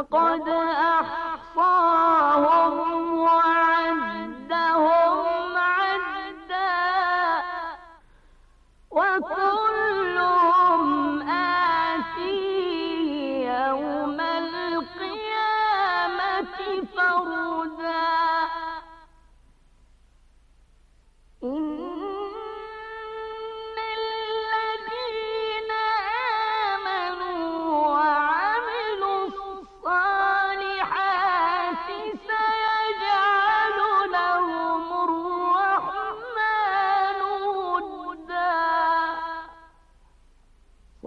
لقد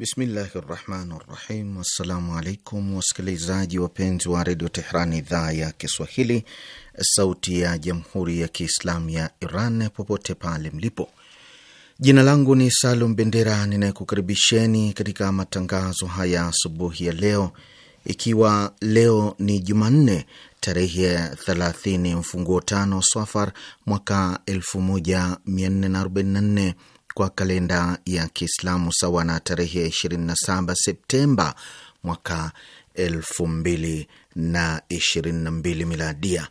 Bismillahi rahmani rahim. Wassalamu alaikum wasikilizaji wapenzi wa redio Tehrani, idhaa ya Kiswahili, sauti ya jamhuri ya kiislamu ya Iran, popote pale mlipo. Jina langu ni Salum Bendera ninayekukaribisheni katika matangazo haya asubuhi ya leo, ikiwa leo ni Jumanne tarehe 30 mfunguo tano Safar mwaka 1444 kwa kalenda ya Kiislamu sawa na tarehe ya 27 Septemba mwaka 2022 miladia.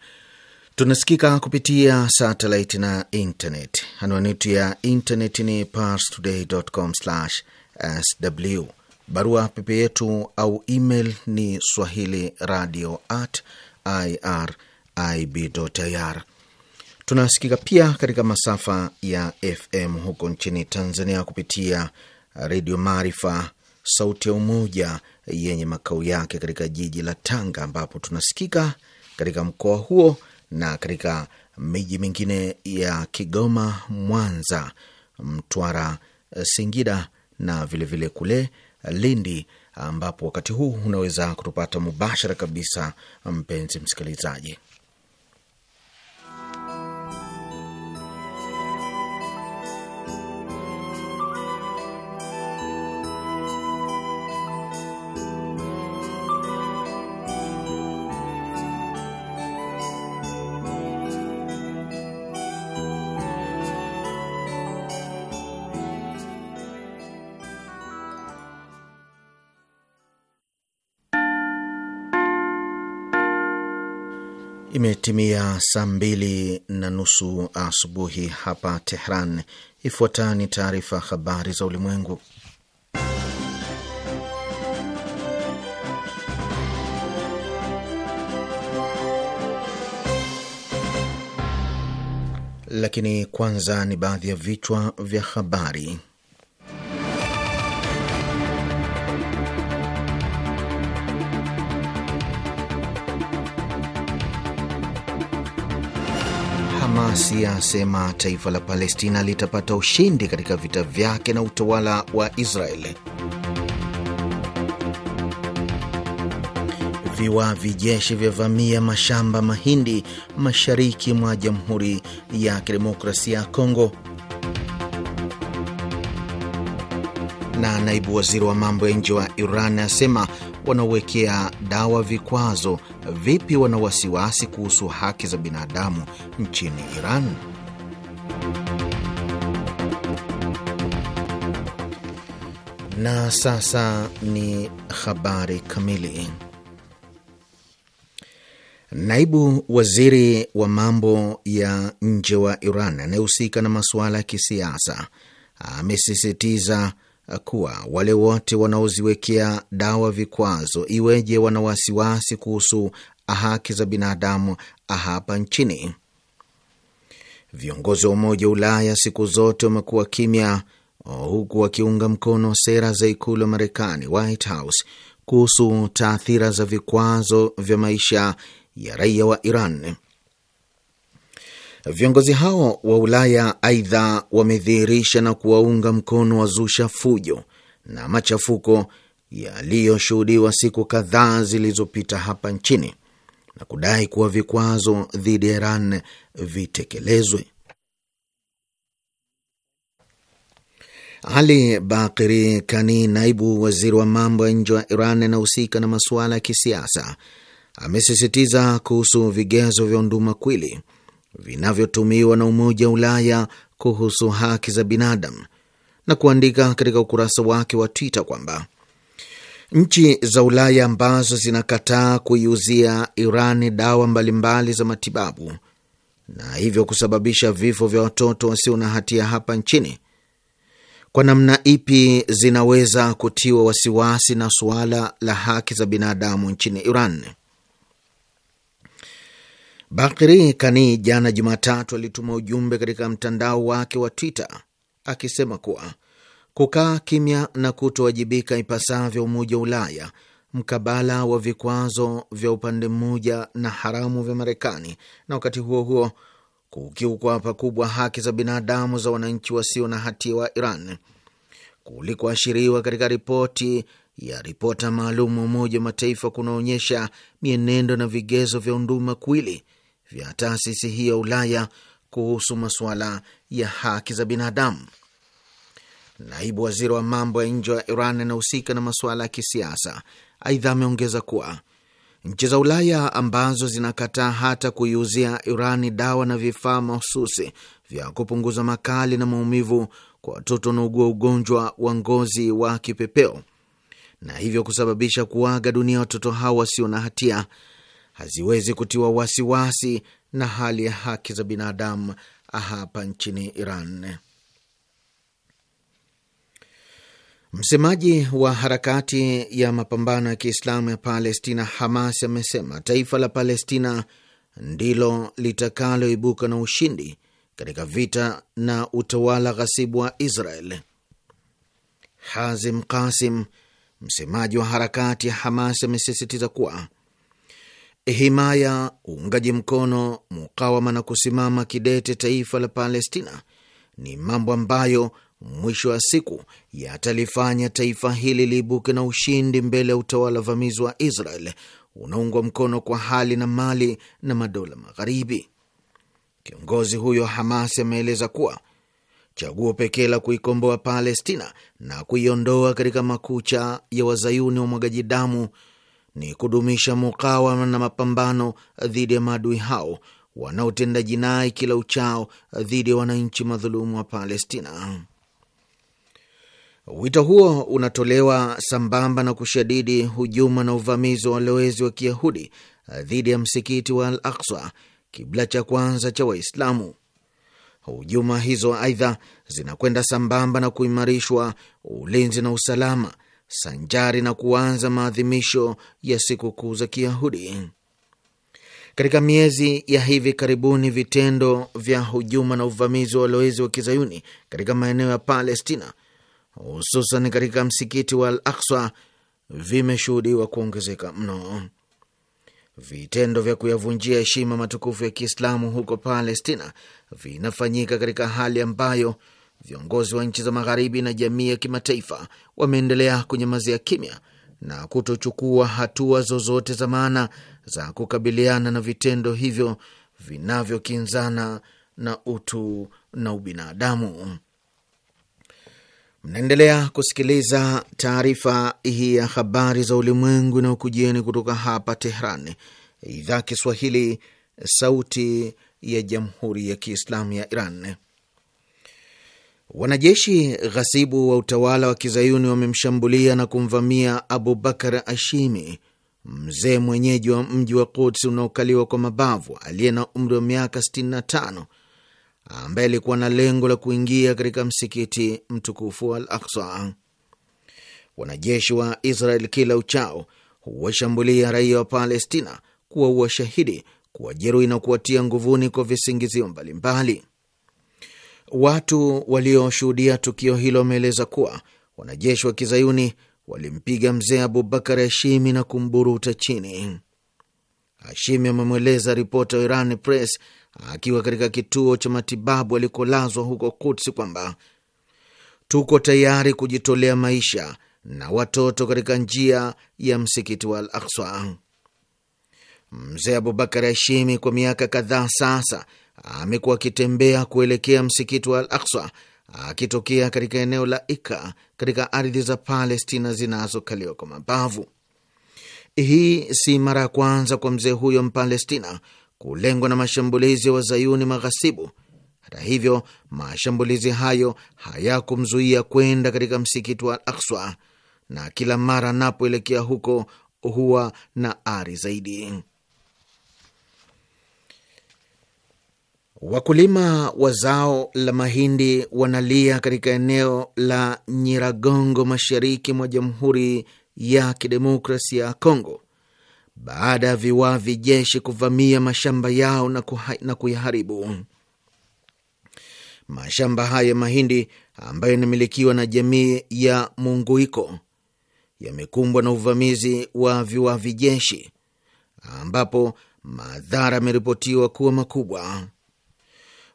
Tunasikika kupitia satelaiti na internet. Anwani yetu ya internet ni parstoday.com/sw. Barua pepe yetu au email ni swahili radio at irib.ir Tunasikika pia katika masafa ya FM huko nchini Tanzania kupitia Redio Maarifa Sauti ya Umoja yenye makao yake katika jiji la Tanga, ambapo tunasikika katika mkoa huo na katika miji mingine ya Kigoma, Mwanza, Mtwara, Singida na vilevile vile kule Lindi, ambapo wakati huu unaweza kutupata mubashara kabisa, mpenzi msikilizaji. Imetimia saa mbili na nusu asubuhi hapa Tehran. Ifuatayo ni taarifa habari za ulimwengu, lakini kwanza ni baadhi ya vichwa vya habari. Abbasi asema taifa la Palestina litapata ushindi katika vita vyake na utawala wa Israeli. Viwa vijeshi vyavamia mashamba mahindi mashariki mwa Jamhuri ya Kidemokrasia ya Kongo. na naibu waziri wa mambo ya nje wa Iran asema wanaowekea dawa vikwazo vipi wana wasiwasi kuhusu haki za binadamu nchini Iran. Na sasa ni habari kamili. Naibu waziri wa mambo ya nje wa Iran anayehusika na masuala ya kisiasa amesisitiza kuwa wale wote wanaoziwekea dawa vikwazo iweje wana wasiwasi kuhusu haki za binadamu hapa nchini. Viongozi wa Umoja wa Ulaya siku zote wamekuwa kimya, huku wakiunga mkono sera za ikulu ya Marekani, White House, kuhusu taathira za vikwazo vya maisha ya raia wa Iran. Viongozi hao wa Ulaya aidha wamedhihirisha na kuwaunga mkono wazusha fujo na machafuko yaliyoshuhudiwa siku kadhaa zilizopita hapa nchini na kudai kuwa vikwazo dhidi ya Iran vitekelezwe. Ali Bakiri Kani, naibu waziri wa mambo ya nje wa Iran anahusika na masuala ya kisiasa, amesisitiza kuhusu vigezo vya unduma kwili vinavyotumiwa na Umoja wa Ulaya kuhusu haki za binadamu na kuandika katika ukurasa wake wa Twitter kwamba nchi za Ulaya ambazo zinakataa kuiuzia Irani dawa mbalimbali za matibabu na hivyo kusababisha vifo vya watoto wasio na hatia hapa nchini, kwa namna ipi zinaweza kutiwa wasiwasi na suala la haki za binadamu nchini Iran? Bakiri Kani jana Jumatatu alituma ujumbe katika mtandao wake wa Twitter akisema kuwa kukaa kimya na kutowajibika ipasavyo Umoja wa Ulaya mkabala wa vikwazo vya upande mmoja na haramu vya Marekani, na wakati huo huo kukiukwa pakubwa haki za binadamu za wananchi wasio na hatia wa Iran kulikuashiriwa katika ripoti ya ripota maalum wa Umoja wa Mataifa kunaonyesha mienendo na vigezo vya unduma kwili vya taasisi hii ya Ulaya kuhusu masuala ya haki za binadamu. Naibu waziri wa mambo ya nje wa Iran anahusika na masuala ya kisiasa. Aidha, ameongeza kuwa nchi za Ulaya ambazo zinakataa hata kuiuzia Irani dawa na vifaa mahususi vya kupunguza makali na maumivu kwa watoto wanaougua ugonjwa wa ngozi wa kipepeo na hivyo kusababisha kuaga dunia watoto hao wasio na hatia haziwezi kutiwa wasiwasi wasi na hali ya haki za binadamu hapa nchini Iran. Msemaji wa harakati ya mapambano ya Kiislamu ya Palestina, Hamas, amesema taifa la Palestina ndilo litakaloibuka na ushindi katika vita na utawala ghasibu wa Israel. Hazim Kasim, msemaji wa harakati ya Hamas, amesisitiza kuwa himaya, uungaji mkono, mukawama na kusimama kidete taifa la Palestina ni mambo ambayo mwisho wa siku yatalifanya taifa hili liibuke na ushindi mbele ya utawala vamizi wa Israel unaungwa mkono kwa hali na mali na madola magharibi. Kiongozi huyo Hamas ameeleza kuwa chaguo pekee la kuikomboa Palestina na kuiondoa katika makucha ya wazayuni wa mwagaji damu ni kudumisha mukawama na mapambano dhidi ya maadui hao wanaotenda jinai kila uchao dhidi ya wananchi madhulumu wa Palestina. Wito huo unatolewa sambamba na kushadidi hujuma na uvamizi wa walowezi wa Kiyahudi dhidi ya msikiti wa Al Aksa, kibla cha kwanza cha Waislamu. Hujuma hizo aidha zinakwenda sambamba na kuimarishwa ulinzi na usalama sanjari na kuanza maadhimisho ya sikukuu za Kiyahudi. Katika miezi ya hivi karibuni, vitendo vya hujuma na uvamizi wa walowezi wa kizayuni katika maeneo ya Palestina, hususan katika msikiti wa Al vimeshuhudiwa kuongezeka mno. Vitendo vya kuyavunjia heshima matukufu ya Kiislamu huko Palestina vinafanyika katika hali ambayo viongozi wa nchi za Magharibi na jamii ya kimataifa wameendelea kunyamazia kimya na kutochukua hatua zozote za maana za kukabiliana na vitendo hivyo vinavyokinzana na utu na ubinadamu. Mnaendelea kusikiliza taarifa hii ya habari za ulimwengu inayokujieni kutoka hapa Tehran, idhaa Kiswahili, sauti ya jamhuri ya kiislamu ya Iran. Wanajeshi ghasibu wa utawala wa kizayuni wamemshambulia na kumvamia Abu Bakar Ashimi, mzee mwenyeji wa mji wa Quds unaokaliwa kwa mabavu, aliye na umri wa miaka 65 ambaye alikuwa na lengo la kuingia katika msikiti mtukufu wa Al Aksa. Wanajeshi wa Israel kila uchao huwashambulia raia wa Palestina, kuwaua shahidi, kuwajeruhi na kuwatia nguvuni kwa visingizio mbalimbali. Watu walioshuhudia tukio hilo wameeleza kuwa wanajeshi wa kizayuni walimpiga mzee Abubakar Hashimi na kumburuta chini. Hashimi amemweleza ripota wa Iran Press akiwa katika kituo cha matibabu alikolazwa huko Kutsi kwamba tuko tayari kujitolea maisha na watoto katika njia ya msikiti wa Al Akswa. Mzee Abubakar Hashimi kwa miaka kadhaa sasa amekuwa akitembea kuelekea msikiti wa Al Aksa akitokea katika eneo la Ika katika ardhi za Palestina zinazokaliwa kwa mabavu. Hii si mara ya kwanza kwa mzee huyo Mpalestina kulengwa na mashambulizi ya wa wazayuni maghasibu. Hata hivyo, mashambulizi hayo hayakumzuia kwenda katika msikiti wa Al Akswa, na kila mara anapoelekea huko huwa na ari zaidi. Wakulima wa zao la mahindi wanalia katika eneo la Nyiragongo, mashariki mwa Jamhuri ya Kidemokrasia ya Kongo baada ya viwavi jeshi kuvamia mashamba yao na, na kuyaharibu. Mashamba hayo ya mahindi ambayo yanamilikiwa na jamii ya Munguiko yamekumbwa na uvamizi wa viwavi jeshi ambapo madhara yameripotiwa kuwa makubwa.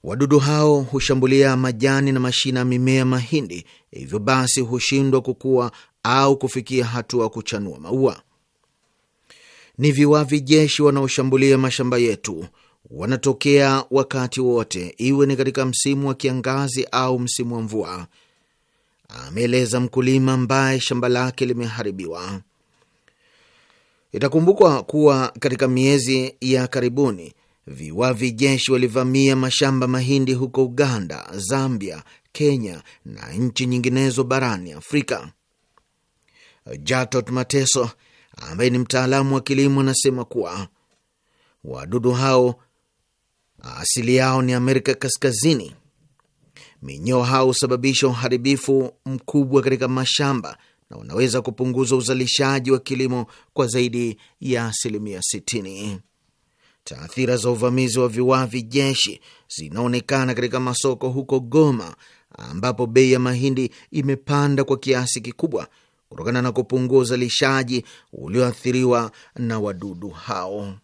Wadudu hao hushambulia majani na mashina ya mimea mahindi, hivyo basi hushindwa kukua au kufikia hatua kuchanua maua. Ni viwavi jeshi wanaoshambulia mashamba yetu, wanatokea wakati wote, iwe ni katika msimu wa kiangazi au msimu wa mvua, ameeleza mkulima ambaye shamba lake limeharibiwa. Itakumbukwa kuwa katika miezi ya karibuni viwavi jeshi walivamia mashamba mahindi huko Uganda, Zambia, Kenya na nchi nyinginezo barani Afrika. Jatot Mateso ambaye ni mtaalamu wa kilimo anasema kuwa wadudu hao asili yao ni Amerika Kaskazini. Minyoo hao husababisha uharibifu mkubwa katika mashamba na unaweza kupunguza uzalishaji wa kilimo kwa zaidi ya asilimia 60. Taathira za uvamizi wa viwavi jeshi zinaonekana katika masoko huko Goma, ambapo bei ya mahindi imepanda kwa kiasi kikubwa kutokana na kupungua uzalishaji ulioathiriwa na wadudu hao.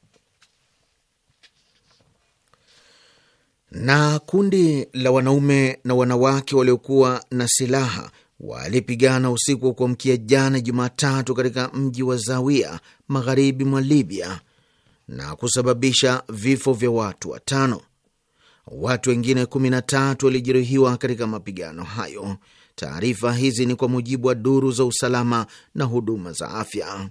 Na kundi la wanaume na wanawake waliokuwa na silaha walipigana usiku wa kuamkia jana Jumatatu katika mji wa Zawia magharibi mwa Libya na kusababisha vifo vya watu watano. Watu wengine 13 walijeruhiwa katika mapigano hayo. Taarifa hizi ni kwa mujibu wa duru za usalama na huduma za afya.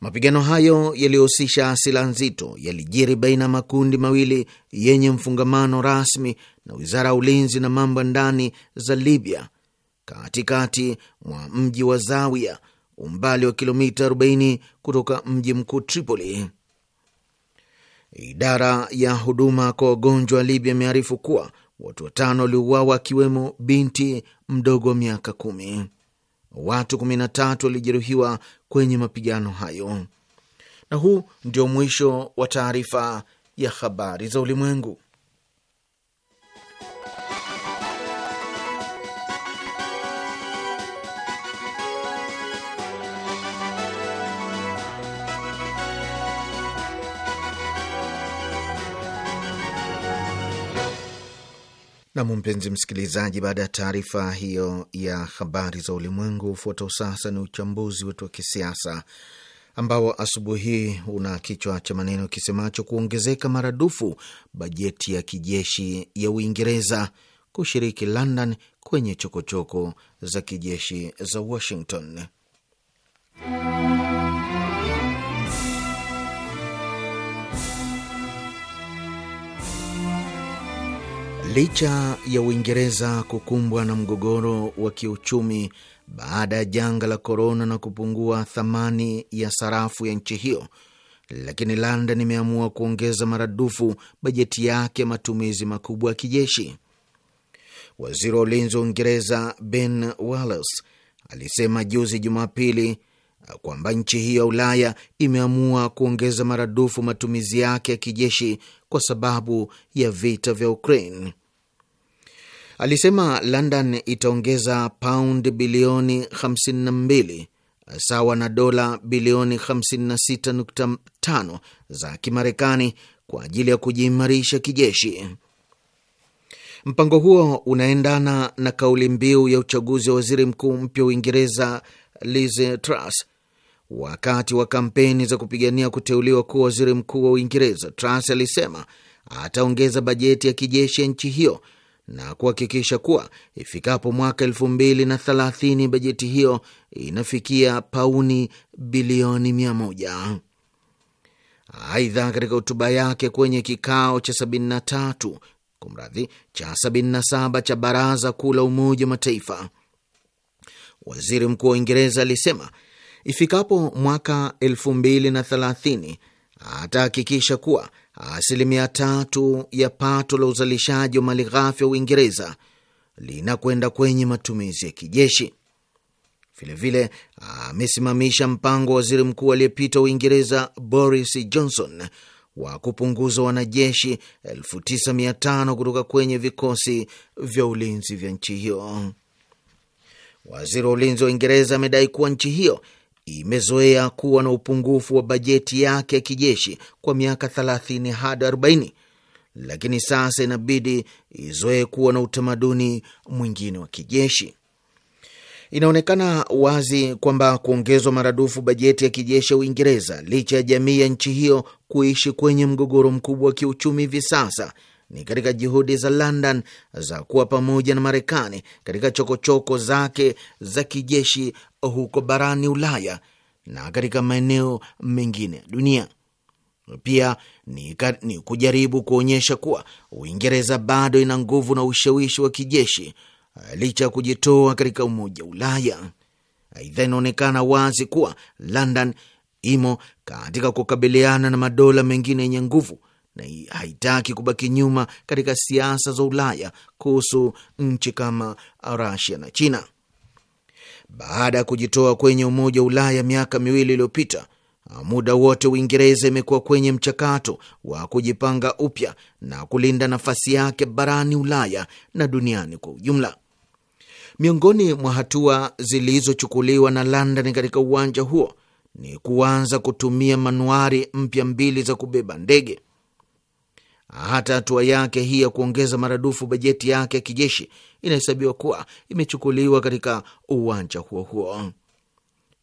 Mapigano hayo yaliyohusisha silaha nzito yalijiri baina ya makundi mawili yenye mfungamano rasmi na wizara ya ulinzi na mambo ya ndani za Libya katikati mwa mji wa zawia umbali wa kilomita 40 kutoka mji mkuu Tripoli. Idara ya huduma kwa wagonjwa Libya imearifu kuwa watu watano waliuawa akiwemo binti mdogo wa miaka kumi. Watu 13 walijeruhiwa kwenye mapigano hayo. Na huu ndio mwisho wa taarifa ya habari za ulimwengu. Nam, mpenzi msikilizaji, baada ya taarifa hiyo ya habari za ulimwengu, hufuatao sasa ni uchambuzi wetu wa kisiasa ambao asubuhi hii una kichwa cha maneno kisemacho kuongezeka maradufu bajeti ya kijeshi ya Uingereza, kushiriki London kwenye chokochoko choko za kijeshi za Washington. Licha ya Uingereza kukumbwa na mgogoro wa kiuchumi baada ya janga la korona na kupungua thamani ya sarafu ya nchi hiyo, lakini London imeamua kuongeza maradufu bajeti yake ya matumizi makubwa ya kijeshi. Waziri wa ulinzi wa Uingereza Ben Wallace alisema juzi Jumapili kwamba nchi hiyo ya Ulaya imeamua kuongeza maradufu matumizi yake ya kijeshi kwa sababu ya vita vya Ukraine alisema London itaongeza paundi bilioni 52 sawa na dola bilioni 56.5 za Kimarekani kwa ajili ya kujiimarisha kijeshi. Mpango huo unaendana na kauli mbiu ya uchaguzi wa waziri mkuu mpya wa Uingereza Liz Truss. Wakati wa kampeni za kupigania kuteuliwa kuwa waziri mkuu wa Uingereza, Truss alisema ataongeza bajeti ya kijeshi ya nchi hiyo na kuhakikisha kuwa ifikapo mwaka elfu mbili na thelathini bajeti hiyo inafikia pauni bilioni mia moja. Aidha, katika hotuba yake kwenye kikao cha 73 kumradhi, cha 77 cha Baraza Kuu la Umoja wa Mataifa, waziri mkuu wa Uingereza alisema ifikapo mwaka elfu mbili na thelathini atahakikisha kuwa asilimia tatu ya pato la uzalishaji wa mali ghafi ya Uingereza linakwenda kwenye matumizi ya kijeshi. Vilevile amesimamisha mpango wa waziri mkuu aliyepita Uingereza Boris Johnson wa kupunguza wanajeshi 9500 kutoka kwenye vikosi vya ulinzi vya nchi hiyo. Waziri wa ulinzi wa Uingereza amedai kuwa nchi hiyo imezoea kuwa na upungufu wa bajeti yake ya kijeshi kwa miaka 30 hadi 40, lakini sasa inabidi izoee kuwa na utamaduni mwingine wa kijeshi. Inaonekana wazi kwamba kuongezwa maradufu bajeti ya kijeshi ya Uingereza, licha ya jamii ya nchi hiyo kuishi kwenye mgogoro mkubwa wa kiuchumi hivi sasa, ni katika juhudi za London za kuwa pamoja na Marekani katika chokochoko zake za kijeshi huko barani Ulaya na katika maeneo mengine ya dunia. Pia ni, ni kujaribu kuonyesha kuwa Uingereza bado ina nguvu na ushawishi wa kijeshi licha ya kujitoa katika Umoja wa Ulaya. Aidha, inaonekana wazi kuwa London imo katika kukabiliana na madola mengine yenye nguvu na haitaki kubaki nyuma katika siasa za Ulaya kuhusu nchi kama Rasia na China baada ya kujitoa kwenye Umoja wa Ulaya miaka miwili iliyopita, muda wote Uingereza imekuwa kwenye mchakato wa kujipanga upya na kulinda nafasi yake barani Ulaya na duniani kwa ujumla. Miongoni mwa hatua zilizochukuliwa na London katika uwanja huo ni kuanza kutumia manuari mpya mbili za kubeba ndege. Hata hatua yake hii ya kuongeza maradufu bajeti yake ya kijeshi inahesabiwa kuwa imechukuliwa katika uwanja huo huo.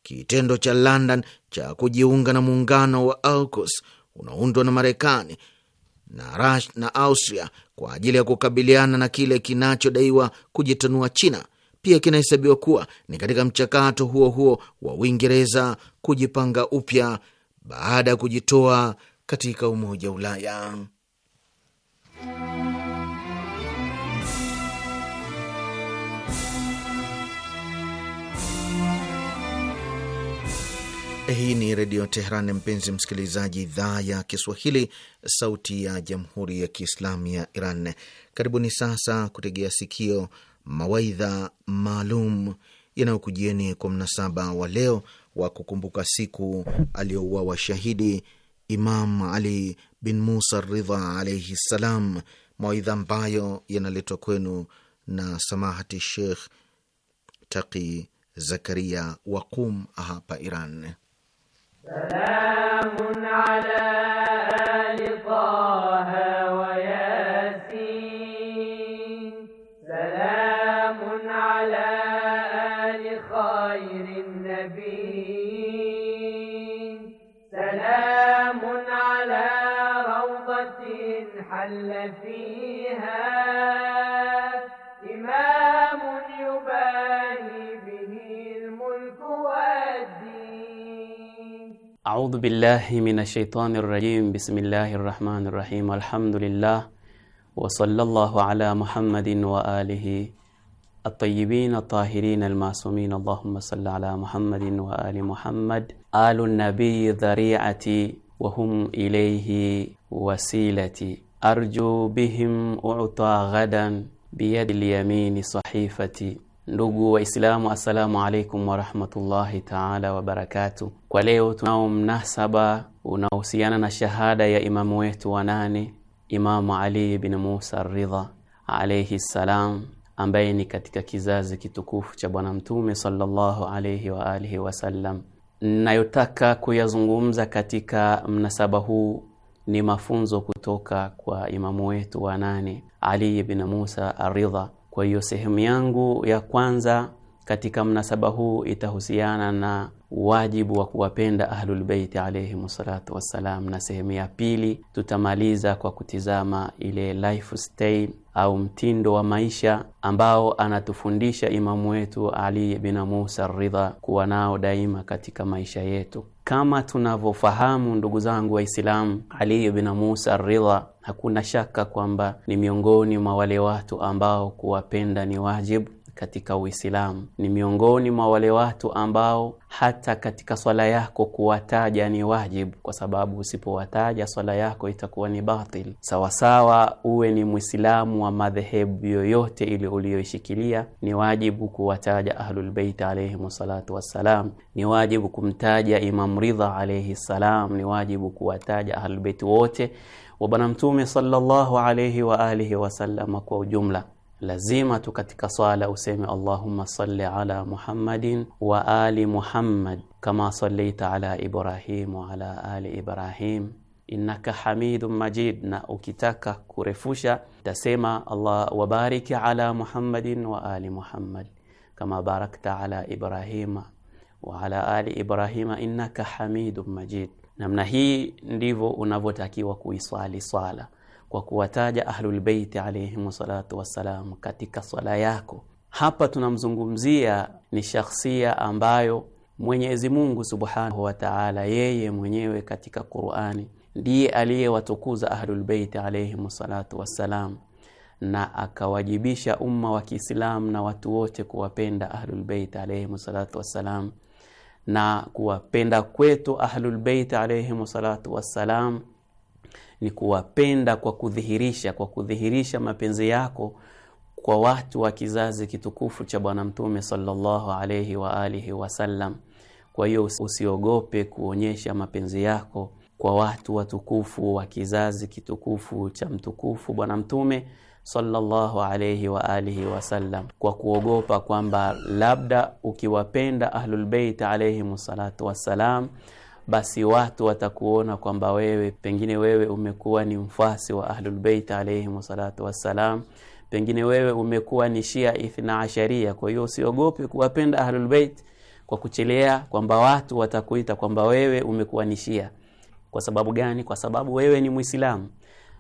Kitendo cha London cha kujiunga na muungano wa AUKUS unaundwa na Marekani na na Austria kwa ajili ya kukabiliana na kile kinachodaiwa kujitanua China pia kinahesabiwa kuwa ni katika mchakato huo huo wa Uingereza kujipanga upya baada ya kujitoa katika Umoja wa Ulaya. Hii ni Redio Teheran, mpenzi msikilizaji, idhaa ya Kiswahili, sauti ya jamhuri ya kiislamu ya Iran. Karibuni sasa kutegea sikio mawaidha maalum yanayokujieni kwa mnasaba wa leo wa kukumbuka siku aliyouawa shahidi Imam Ali bin Musa Ridha alaihi ssalam, mawaidha ambayo yanaletwa kwenu na samahati Sheikh Taqi Zakaria wa Qum hapa Iran. Salamun ala فيها إمام يباهي به الملك والدين أعوذ بالله من الشيطان الرجيم بسم الله الرحمن الرحيم الحمد لله وصلى الله على محمد وآله الطيبين الطاهرين المعصومين اللهم صل على محمد وآل محمد آل النبي ذريعتي وهم إليه وسيلتي arju bihim uta ghadan biyadi lyamini sahifati. Ndugu Waislamu, assalamu alaikum warahmatullahi taala wabarakatu. Kwa leo tunao mnasaba unaohusiana na shahada ya imamu wetu wa nane Imamu Ali bin Musa Ridha alaihi ssalam, ambaye ni katika kizazi kitukufu cha Bwana Mtume sallallahu alaihi wa alihi wasallam. Nayotaka kuyazungumza katika mnasaba huu ni mafunzo kutoka kwa imamu wetu wa nane Ali ibn Musa Aridha. Kwa hiyo sehemu yangu ya kwanza katika mnasaba huu itahusiana na wajibu wa kuwapenda Ahlulbeiti alaihim salatu wassalam, na sehemu ya pili tutamaliza kwa kutizama ile lifestyle au mtindo wa maisha ambao anatufundisha imamu wetu Ali bin Musa Ridha kuwa nao daima katika maisha yetu. Kama tunavyofahamu ndugu zangu Waislamu, Ali ibn Musa Ridha hakuna shaka kwamba ni miongoni mwa wale watu ambao kuwapenda ni wajibu katika Uislamu. Ni miongoni mwa wale watu ambao hata katika swala yako kuwataja ni wajibu, kwa sababu usipowataja swala yako itakuwa ni batil. Sawasawa, uwe ni Mwislamu wa madhehebu yoyote ili uliyoishikilia, ni wajibu kuwataja Ahlulbeiti alaihim salatu wassalam, ni wajibu kumtaja Imam Ridha alaihi salam, ni wajibu kuwataja Ahlulbeiti wote wa Bwana Mtume sallallahu alaihi wa alihi wasallama kwa ujumla lazima tu katika sala useme Allahumma salli ala Muhammadin wa ali Muhammad kama sallaita ala Ibrahim wa ala ali Ibrahim innaka hamidun majid. Na ukitaka kurefusha utasema Allah wabariki ala Muhammadin wa ali Muhammad kama barakta ala Ibrahima wa ala ali Ibrahima innaka hamidun majid. Namna hii ndivyo unavyotakiwa kuiswali swala kwa kuwataja Ahlulbeiti alaihim salatu wassalam katika swala yako. Hapa tunamzungumzia ni shakhsia ambayo Mwenyezi Mungu subhanahu wa taala yeye mwenyewe katika Qurani ndiye aliyewatukuza Ahlulbeiti alaihim salatu wassalam na akawajibisha umma wa Kiislamu na watu wote kuwapenda ahlulbeiti alaihim salatu wassalam, na kuwapenda kwetu ahlulbeiti alaihim salatu wassalam ni kuwapenda kwa kudhihirisha, kwa kudhihirisha mapenzi yako kwa watu wa kizazi kitukufu cha Bwana Mtume sallallahu alayhi wa alihi wasallam. Kwa hiyo usiogope kuonyesha mapenzi yako kwa watu watukufu wa kizazi kitukufu cha mtukufu Bwana Mtume sallallahu alayhi wa alihi wasallam, kwa kuogopa kwamba labda ukiwapenda ahlulbeit Bait salatu wassalam basi watu watakuona kwamba wewe pengine wewe umekuwa ni mfasi wa Ahlulbeit alayhim salatu wassalam, pengine wewe umekuwa ni Shia Ithna Asharia. Kwa hiyo usiogope kuwapenda Ahlulbeit kwa kuchelea kwamba watu watakuita kwamba wewe umekuwa ni Shia. Kwa sababu gani? Kwa sababu wewe ni Mwislamu.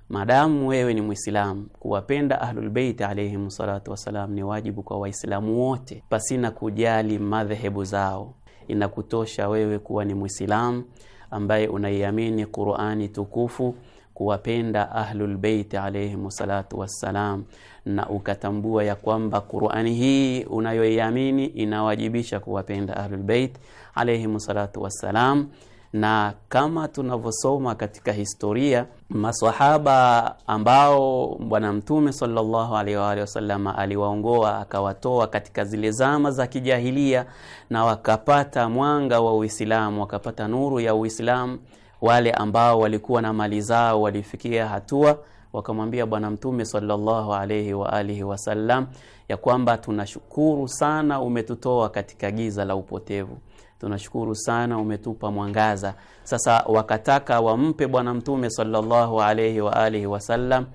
madamu wewe ni Mwislamu, kuwapenda Ahlulbeit alayhim salatu wassalam ni wajibu kwa Waislamu wote pasina kujali madhehebu zao inakutosha wewe kuwa ni mwislamu ambaye unaiamini Qur'ani tukufu kuwapenda ahlulbeiti alaihim salatu wassalam na ukatambua ya kwamba Qur'ani hii unayoiamini inawajibisha kuwapenda ahlulbeit alaihim salatu wassalam na kama tunavyosoma katika historia masahaba ambao Bwana Mtume sallallahu alaihi wasallam aliwaongoa akawatoa katika zile zama za kijahilia, na wakapata mwanga wa Uislamu, wakapata nuru ya Uislamu. Wale ambao walikuwa na mali zao walifikia hatua wakamwambia Bwana Mtume sallallahu alaihi wa alihi wasallam ya kwamba tunashukuru sana, umetutoa katika giza la upotevu tunashukuru sana umetupa mwangaza. Sasa wakataka wampe Bwana Mtume salallahu alaihi wa alihi wasallam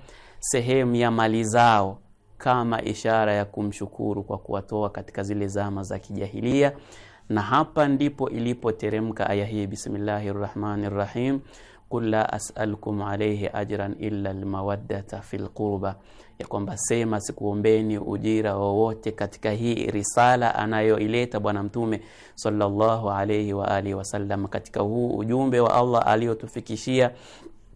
sehemu ya mali zao kama ishara ya kumshukuru kwa kuwatoa katika zile zama za kijahilia, na hapa ndipo ilipoteremka aya hii, bismillahi rahmani rahim, qul la asalkum alaihi ajran illa lmawaddata fi lqurba ya kwamba sema sikuombeni ujira wowote katika hii risala anayoileta Bwana Mtume sallallahu alayhi wa alihi wasallam, katika huu ujumbe wa Allah aliyotufikishia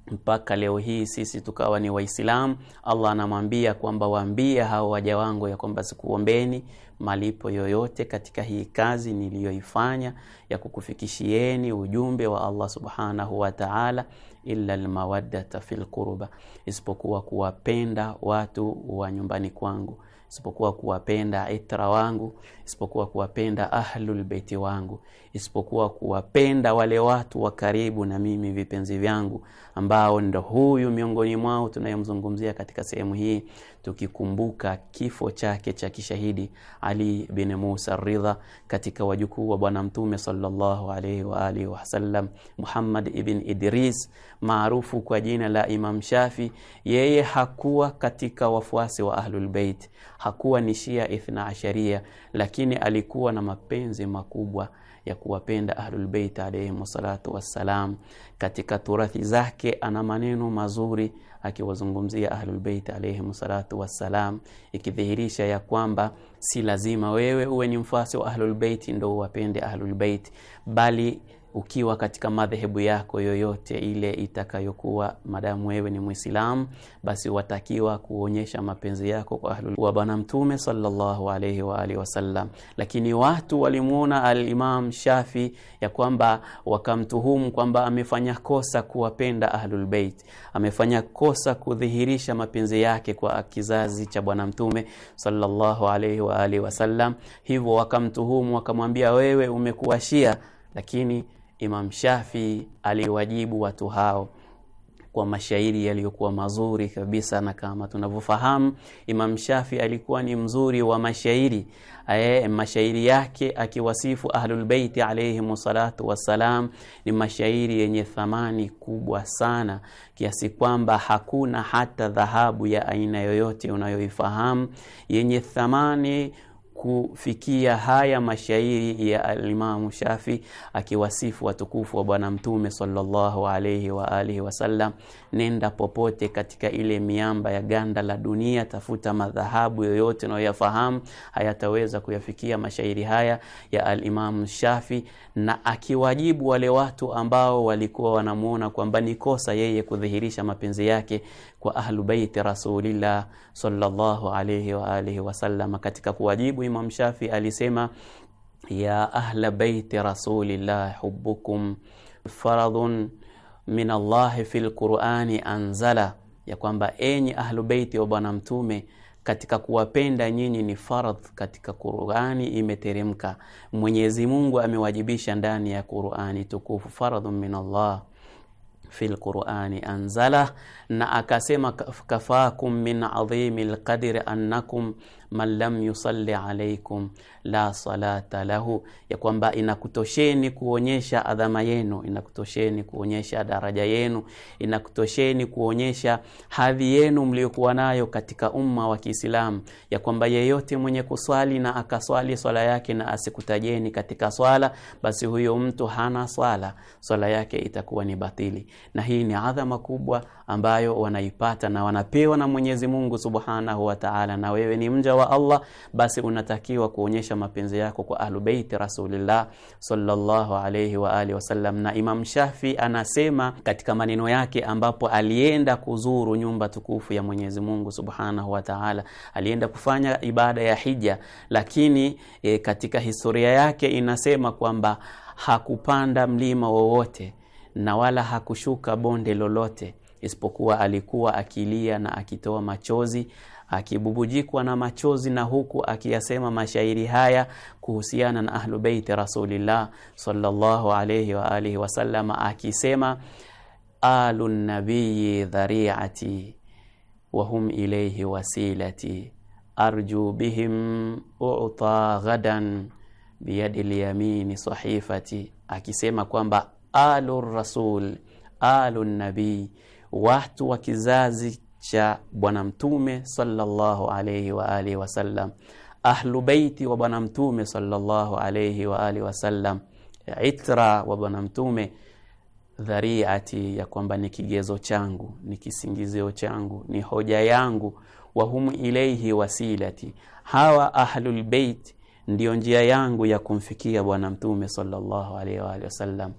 mpaka leo hii sisi tukawa ni Waislamu. Allah anamwambia kwamba waambie hao waja wangu ya kwamba sikuombeni malipo yoyote katika hii kazi niliyoifanya ya kukufikishieni ujumbe wa Allah subhanahu wa ta'ala, illa lmawadata fi lqurba isipokuwa kuwapenda watu wa nyumbani kwangu isipokuwa kuwapenda itra wangu, isipokuwa kuwapenda ahlulbeiti wangu, isipokuwa kuwapenda wale watu wa karibu na mimi, vipenzi vyangu, ambao ndo huyu miongoni mwao tunayemzungumzia katika sehemu hii tukikumbuka kifo chake cha kishahidi Ali bin Musa Ridha katika wajukuu wa bwana mtume sallallahu alaihi wa alihi wasallam Muhammad ibn Idris maarufu kwa jina la Imam Shafi yeye hakuwa katika wafuasi wa ahlulbeit hakuwa ni Shia Ithna Asharia lakini alikuwa na mapenzi makubwa ya kuwapenda ahlulbeit alaihim alayhi wassalam katika turathi zake ana maneno mazuri akiwazungumzia Ahlulbeit alaihim salatu wassalam, ikidhihirisha ya kwamba si lazima wewe uwe ni mfuasi wa Ahlulbeiti ndo uwapende Ahlulbeiti bali ukiwa katika madhehebu yako yoyote ile itakayokuwa, madamu wewe ni mwislamu basi watakiwa kuonyesha mapenzi yako kwa ahlul wa Bwana Mtume sallallahu wa alihi wasallam. Lakini watu walimwona alimam Shafi ya kwamba wakamtuhumu kwamba amefanya kosa kuwapenda ahlulbeit amefanya kosa kudhihirisha mapenzi yake kwa kizazi cha Bwana Mtume sallallahu wa alihi wasallam. Hivyo wakamtuhumu wakamwambia, wewe umekuwa Shia, lakini Imam Shafi aliwajibu watu hao kwa mashairi yaliyokuwa mazuri kabisa, na kama tunavyofahamu Imam Shafi alikuwa ni mzuri wa mashairi Aye, mashairi yake akiwasifu Ahlulbeiti alayhim salatu wassalam ni mashairi yenye thamani kubwa sana, kiasi kwamba hakuna hata dhahabu ya aina yoyote unayoifahamu yenye thamani kufikia haya mashairi ya alimamu Shafi akiwasifu watukufu wa Bwana Mtume sallallahu alaihi wa alihi wasallam nenda popote katika ile miamba ya ganda la dunia, tafuta madhahabu yoyote unayoyafahamu, hayataweza kuyafikia mashairi haya ya Alimamu Shafi, na akiwajibu wale watu ambao walikuwa wanamuona kwamba ni kosa yeye kudhihirisha mapenzi yake kwa Ahlu Rasulillah sallallahu alaihi wa alihi wasallam. Katika kuwajibu Imam Shafi alisema ya ahla baiti rasulillah hubukum faradhun min Allahi fi lqurani anzala, ya kwamba enyi ahlu beiti wa Bwana Mtume, katika kuwapenda nyinyi ni fardh, katika Qur'ani imeteremka. Mwenyezi Mungu amewajibisha ndani ya Qur'ani tukufu, fardhun min Allah fi lqurani anzala, na akasema kafakum min adhimi lqadri annakum man lam yusalli alaikum la salata lahu, ya kwamba inakutosheni kuonyesha adhama yenu, inakutosheni kuonyesha daraja yenu, inakutosheni kuonyesha hadhi yenu mliokuwa nayo katika umma wa Kiislamu, ya kwamba yeyote mwenye kuswali na akaswali swala yake na asikutajeni katika swala, basi huyo mtu hana swala, swala yake itakuwa ni batili, na hii ni adhama kubwa ambayo wanaipata na wanapewa na Mwenyezi Mungu Subhanahu wa Ta'ala. Na wewe ni mja wa Allah, basi unatakiwa kuonyesha mapenzi yako kwa Bait Rasulillah sallallahu alayhi wa alihi wasallam. Na Imam Shafi anasema katika maneno yake, ambapo alienda kuzuru nyumba tukufu ya Mwenyezi Mungu Subhanahu wa Ta'ala, alienda kufanya ibada ya hija, lakini e, katika historia yake inasema kwamba hakupanda mlima wowote na wala hakushuka bonde lolote isipokuwa alikuwa akilia na akitoa machozi akibubujikwa na machozi na huku akiyasema mashairi haya kuhusiana na ahlu beiti rasulillah sallallahu alayhi wa alihi wasallam akisema alu nabiyi dhariati wa hum ilayhi wasilati arju bihim uta ghadan biyadi lyamini sahifati akisema kwamba alu rasul alu nabii watu wa kizazi cha Bwana Mtume sallallahu alayhi wa alihi wasallam, ahlu baiti wa Bwana Mtume sallallahu alayhi wa alihi wasallam, itra wa Bwana Mtume, dhariati ya kwamba ni kigezo changu, ni kisingizio changu, ni hoja yangu, wa hum ilaihi wasilati, hawa ahlul bait ndiyo njia yangu ya kumfikia Bwana Mtume sallallahu alaihi wa alihi wasallam.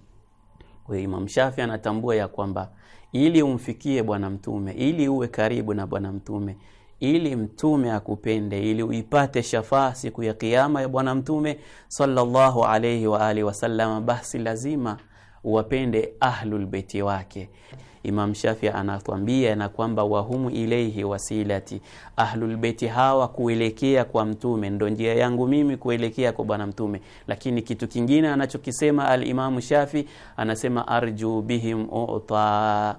Kwa hiyo Imam Shafi anatambua ya kwamba ili umfikie Bwana Mtume, ili uwe karibu na Bwana Mtume, ili Mtume akupende, ili uipate shafaa siku ya kiama ya Bwana Mtume sallallahu alayhi wa alihi wasallam, basi lazima uwapende ahlul beiti wake. Imam Shafi anatuambia na kwamba wahumu ilaihi wasilati, ahlulbeiti hawa kuelekea kwa mtume ndo njia yangu mimi kuelekea kwa bwana mtume. Lakini kitu kingine anachokisema alimamu Shafi anasema arju bihim uta